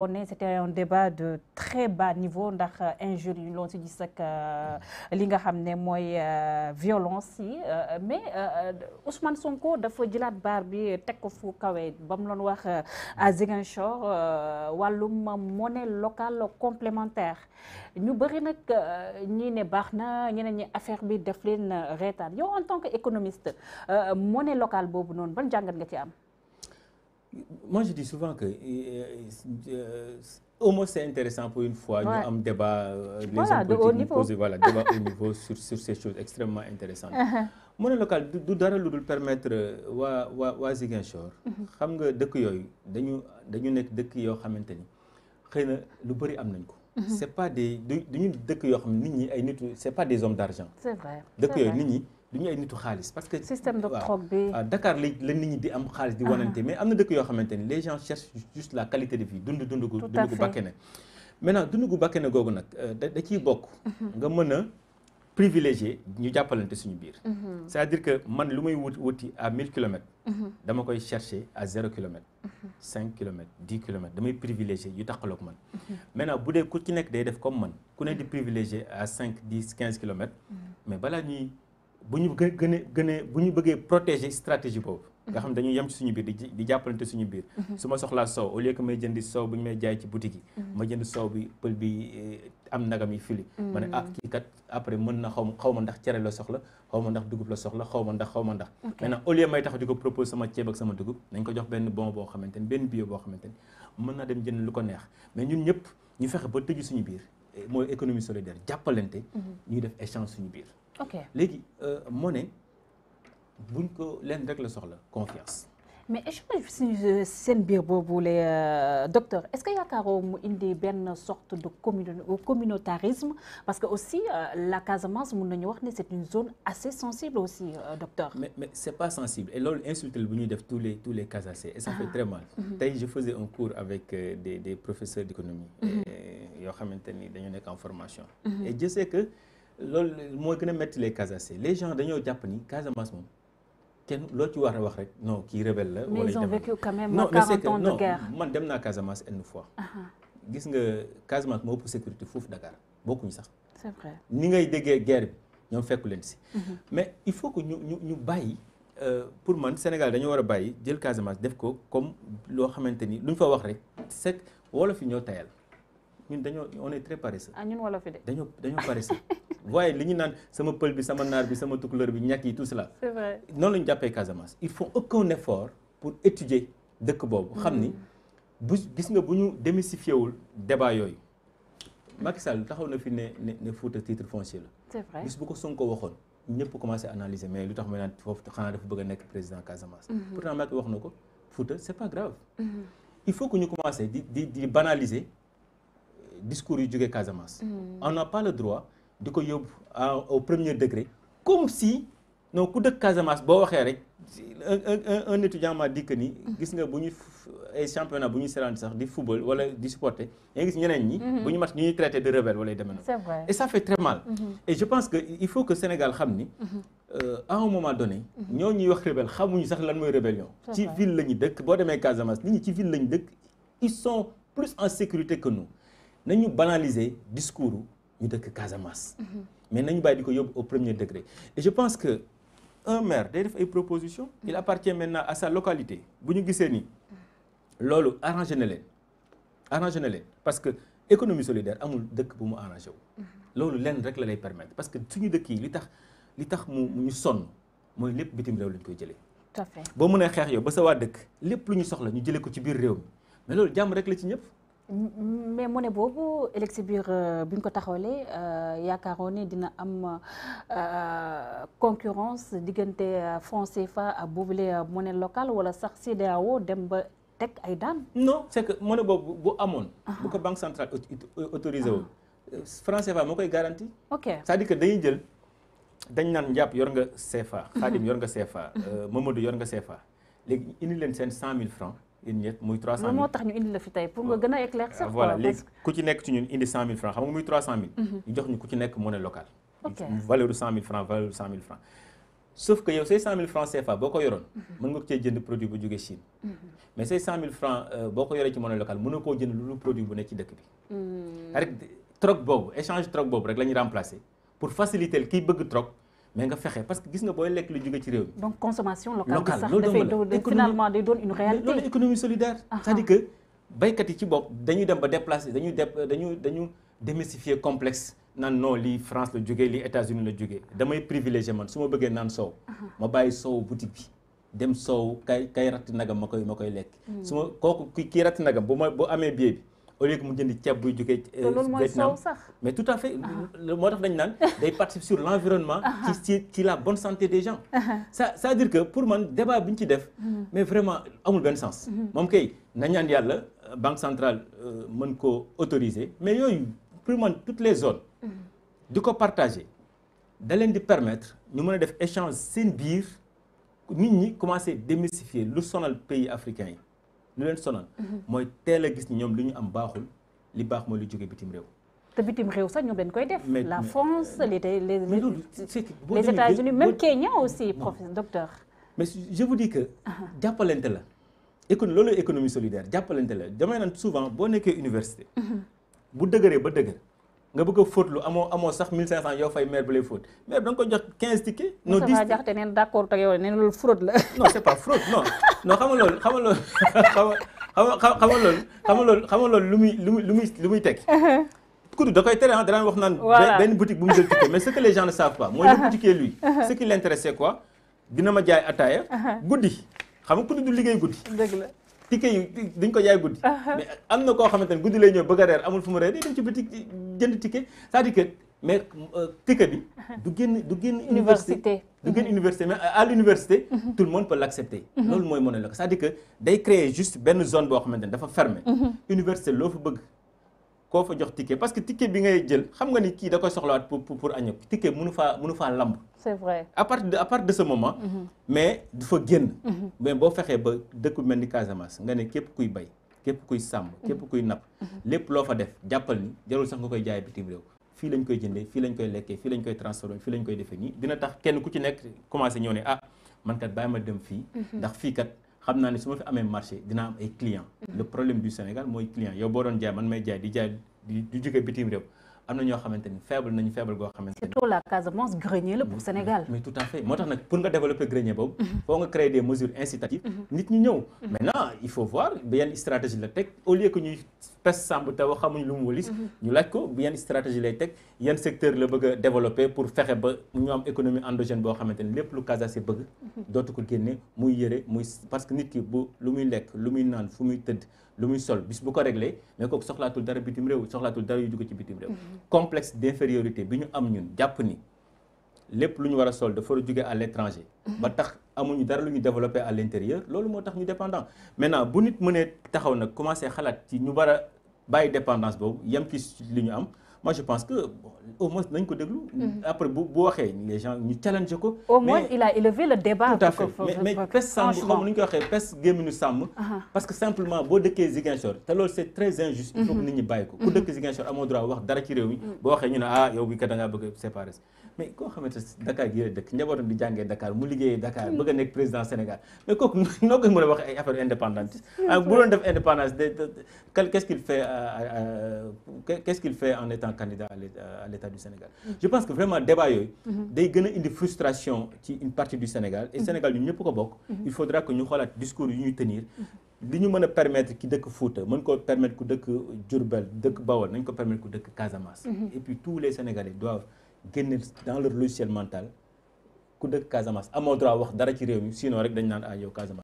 on est c'était débat de très bas niveau ndax euh, injure yi loon si gis ak euh, li nga xam ne mooy euh, violence yi mais Ousmane Sonko dafa jëlaat baar bi teg ko fu kawee ba mu doon wax à Ziguinchor wàllum monnaie locale complémentaire ñu bëri nag ñii ne baax na ñeneen ñi affaire bi def leen reetaan yow en tant que économiste monnaie local boobu noonu ban jàngat nga ci am moi je dis souvent que euh, euh, au moins c'est intéressant pour une fois ñu am débat euh, les voilà, hommes politiques nous poser voilà débat au niveau sur sur ces choses extrêmement intéressantes monnaie locale du dara lu dul permettre waa waa waa Ziguinchor mhm. xam nga dëkk yooyu dañu dañu nekk dëkk yoo xamante ni xëy na lu bëri am nañ ko mhm. c'est pas du ñu dëkk yoo xam nit ñi ay nitu c'est pas des hommes d'argent c'est vrai dëkk yooyu nit ñi du ñu ay nitu xaalis parce que. système de troc bi Dakar la la nit ñi di am xaalis di ah. wanante mais am na dëkk yoo xamante ni les gens cherchent juste la qualité de vie dund dund gu dund gu bakkene maintenant gu bakkene googu nag euh, da da bokk mhm. nga mën a ñu jàppalante suñu biir mhm. c'est-à-dire que man lu may wut wuti à mille kilomètres mhm. dama koy chercher à zéro kilomètre cinq kilomètres dix kilomètres damay privilégié yu taqaloog man maintenant bu dee ku day def comme man ku ne di privilégié à mais balaa bu ñu gë gën a gën ñu bëggee protéger stratégie boobu. nga mhm. xam dañuy yem ci suñu biir di di jàppalante suñu biir. Mhm. su ma soxlaa soow au lieu que may jëndi soow bu ñu may jaay ci boutique yi. Mhm. ma jënd soow bi pël bi eh, am nagam yi fili. ma ne ah kii kat après mën na xaw ma xaw ma ndax cere la soxla xaw ma ndax dugub la soxla xaw ma ndax xaw ma ndax. maintenant au lieu may tax di ko sama ceeb ak sama dugub nañ ko jox benn bon boo xamante ni benn bio boo xamante ni mën naa dem jën lu ko neex mais ñun ñëpp ñu fexe ba tëju suñu biir eh, mooy économie solidaire jàppalante ñuy def échange suñu biir ok léegi euh, moo ne buñ ko leen rek la soxla confiance. mais échange si euh, seen biir boobu les euh, docteur est-ce que yaakaaroo mu indi benn sorte de communautarisme parce que aussi la Casamance mun nañu wax ne c'est une zone assez sensible aussi docteur. mais mais c'est pas sensible et loolu insulte bu ñuy def tous les tous les Casacés et ça fait ah. très mal. Mhm. tey je faisais un cours avec des des professeurs d'économie. Mhm. yoo xamante ni dañu nekk en formation. Mhm. et je sais que. loolu mooy gën a métti les Casamançais les gens dañoo jàpp ni Casamance moom kenn loo ci war a wax rek no kii rebelle la. wala mais ils ont vécu quand même man dem naa Casamance une fois. gis nga Casamance moo ëpp sécurité foofu Dakar bokkuñu sax. c'est ni ngay déggee guerre bi ñoom fekku leen si. Mhm. mais il faut que ñu ñu ñu bàyyi euh, pour man Sénégal dañoo war a bàyyi jël Casamance def ko comme loo xamante ni luñ fa wax rek c'est wolof yi ñoo tayal. ñun dañoo on est très paresseux. ah ñun wolof yi waaye li ñu naan sama pël bi sama naar bi sama tukulóor bi ñàkk yi tout cela. la vrai noonu la ñu jàppee Casamance. ils font aucun effort pour étudier dëkk boobu. xam ni bu gis nga bu ñu démystifié wul débat yooyu. Macky Sall taxaw na fi ne ne ne Fouta foncier la. c'est bu ko Sonko waxoon ñëpp commencé analyser mais lu tax ma naan foofu xanaa dafa bëgg a nekk président Casamance. Mhm. pourtant Macky wax na ko Fouta c'est pas grave. Mhm. il faut ñu commencé di di di banaliser. discours yu jógee Casamance. Mm. on n'a pas le droit di ko yóbbu au premier degré comme si non ku dëkk Casamance boo waxee rek un un étudiant m'a dit ni. gis nga bu ñu ay championnat bu ñu seraan sax di football wala di supporter yaa ngi gis ñeneen ñi. Mm-hmm. bu ñu mat ñu ñuy traité de rebelle wala yu demee noonu. et ça fait très mal. Mm-hmm. et je pense que il faut que Sénégal xam ni. Mm-hmm. Euh, à un moment donné. ñoo ñuy wax rebelle xamuñu sax lan mooy rébellion. ci ville la ñu dëkk boo demee Casamance nit ci la ñu dëkk ils sont plus en que nañu banaliser discours ñu dëkk Casamance. Mhm. mais nañu bàyyi di ko yóbbu au premier degré et je pense que un maire day def ay propositions. il appartient maintenant à sa localité bu ñu gisee nii loolu arrangé na leen arrangé na leen parce que économie solidaire amul dëkk bu mu arrangé wu. Mhm. loolu lenn rek la lay permettre parce que suñu dëkk yi li tax li tax mu ñu sonn mooy lépp bitim réew lañ koy jëlee. tout à fait boo mënee xeex yow ba sa waa dëkk lépp lu ñu soxla ñu jëlee ko ci biir réew mi rek la ci ñëpp. mais monnaie boobu Elexsi biir euh, bi ñu ko taxawalee euh, yaakaaroon ne dina am euh, concurrence diggante franc CFA ak boobule monnaie locale wala sax CEDEAO dem ba teg ay daan. non c'est que monnaie boobu bu amoon. Ah. bu ko banque centrale autorisé ah. woon. franc CFA moo koy garanti. ok cest à que dañuy jël dañ naan njàpp yor nga CFA. Khadim yor nga CFA. Mamadou yor nga CFA léegi indi leen seen cent mille francs. une muy 300000 loolu moo tax ñu nga gën a éclaircir. Ah, voilà léegi ku ci nekk ci ñun indi francs xam nga muy 300000. Mhm. ñu jox francs sauf que yow say 100000 francs CFA boo ko yoroon. Mhm. mën nga ko jënd produit bu jógee Chine. Mhm. mais say 100000 francs euh, boo ko yoree ci monnaie locale mën koo jënd lu produit bu nekk ci dëkk bi. Hmm. rek boobu échange troc boobu rek la remplacer pour faciliter kii bëgg troc. mais nga fexe parce que gis nga booy lekk lu jóge ci réew mi. donc consommation locale bi sax dafay finalement day doon une réalité loolu économie solidaire. Ah, ah. cest que baykat yi ci bopp dañuy dem ba déplacer dañuy dañu dañu démystifier complexe naan non li France la jógee lii États-Unis la jógee damay privilégié man su ma bëggee naan soow. Ah, ma bàyyi soow boutique bi. dem soow kay kay ratti nagam ma koy ma koy lekk. Hmm. su ma kooku kii ratti nagam bu ma bu amee billet bi. au lieu que mu jënd ceeb buy jógee Vietnam mais tout à fait ah. moo tax dañ naan day participer sur l'environnement ci ci ci la bonne santé des gens ah. ça ça dire que pour man débat bi ñu ci def mm. mais vraiment amul benn sens mm-hmm. moom kay nañ ñaan yàlla banque centrale euh, man koo autoriser mais yooyu pour man toutes les zones mm-hmm. di ko partager da leen di permettre ñu mën a def échange seen biir nit ñi commencer démystifier lu sonal pays africain yi lu leen sonal mooy teel a gis ni ñoom li ñu am baaxul li baax mooy lu jóge bitim réew te bitim réew sax ñoom dañ koy def la France les les les États-Unis même Kenya aussi professeur docteur mais je vous dis que uh-huh. la économie loolu économie solidaire jàppalante la damay naan souvent boo nekkee université uh-huh. bu dëgëree ba dëgër nga bëgg a fóot lu amoo amoo sax 1500 yow fay maire bu lay fóot maire da nga ko jox 15 tickets. non 10 tickets Moussa Diakhaté neen loolu fraude la. non loolu xam loolu xam loolu lu muy lu muy lu muy muy teg. kudu da koy tere ah, danaa wax naan. benn boutique bu mu jël ticket mais ce que les gens ne savent pas. mooy le boutiquier lui. Uh-huh. Uh-huh. ce qui l'intéressait quoi dina ma jaay ataaya. Uh-huh. guddi xam nga kudu du liggéey guddi. dëgg la. ticket yi dañ ko jaay guddi. Uh-huh. mais am na koo xamante ne guddi lay ñëw bëgg a reer amul fu mu reer day dem ci boutique jënd ticket c'est-à-dire euh, bi. Uh-huh. du génn du génn université. du génn uh-huh. université mais à l'université tout le monde peut l'accepter. loolu mooy mën la ko cest à day créer juste benn zone boo xamante ne dafa fermé. université loo fa bëgg. koo fa jox ticket parce que ticket bi ngay jël xam nga ni kii da koy soxlawaat pour pour pour año ticket mënu faa mënu faa lamb. c'est vrai à de à de ce moment. Mm-hmm. mais du fa génn. Mm-hmm. mais boo fexee ba dëkk mel ni Casamance nga ne képp kuy bay képp kuy sàmm. Mm-hmm. képp kuy napp lépp loo fa def jàppal ni jarul sax nga koy jaay bitim réew. fii lañ koy jëndee fii lañ koy lekkee fii lañ koy transformé fii lañ koy defee nii dina tax kenn ku ci nekk commencé xam naa ne su ma fi amee marché dina am ay clients. Mm. le problème du Sénégal mooy client yow boo doon jaay man may jaay di jaay di jóge bitim réew. am na ñoo xamante ni faible nañu faible goo xamante ni. surtout la Casamance grenier la pour mm-hmm. Sénégal. mais tout à fait moo tax nag pour nga développer grenier boobu. Mm-hmm. foo nga créer des mesures incitatives. Mm-hmm. nit ñi ñëw. maintenant il faut voir yan stratégie la teg au lieu que ñuy pes sàmb te wax xamuñ lu mu walis. ñu laaj ko yenn stratégie lay teg yan secteur la bëgg a développer pour fexe ba ñu am économie endogène boo xamante ni lépp lu Casamance bëgg. dootu ko génne muy yëre muy parce que nit ki bu lu muy lekk lu muy naan fu muy tëdd. lu muy sol bis bu ko réglé mais kooku soxlaatul dara bitim réew soxlaatul dara yu jóge ci bitim réew mm-hmm. complexe d'infériorité bi ñu am ñun jàpp ni lépp lu ñu war a sol dafa a jóge à l'étranger mm-hmm. ba tax amuñu dara lu ñu développé à l'intérieur loolu moo tax ñu dépendant maintenant bu nit mënee taxaw nag commencé xalaat ci ñu war a bàyyi dépendance boobu yem ci li ñu am moi je pense que bon, au moins nañ ko déglu. Mm-hmm. après bu bu waxee les gens ñu challenge ko. au moins il a élevé le débat. tout à fait mais mais pes sàmm xam nu ñu ko waxee pes gémminu sàmm. Uh-huh. parce que simplement boo dëkkee Ziguinchor te loolu c' est très injuste. il faut que mm-hmm. nit ñi ko ku mm-hmm. dëkk Ziguinchor amoo droit wax dara ci réew mi. boo waxee ñu ne ah yow bi kat da ngaa bëgg mais koo xamante ne Dakar gii la dëkk njabootam di jàngee Dakar mu liggéeyee Dakar bëgg a nekk président Sénégal mais kooku noo koy mën a wax ay affaire indépendante ah, bu doon def indépendance de qu'est-ce qu'il fait euh, euh, qu'est-ce qu'il en étant candidat à l'état du Sénégal mm-hmm. je pense que vraiment débat mm-hmm. day gën a indi frustration ci une partie du Sénégal et mm-hmm. Sénégal ñun ñëpp ko bokk il faudra que ñu xoolaat discours yu ñuy tenir li ñu mën a permettre ki dëkk génne dans leur logiciel mental ku dëkk Casamance amoo droit wax dara ci réew mi sinon rek dañ naan ah Casamance.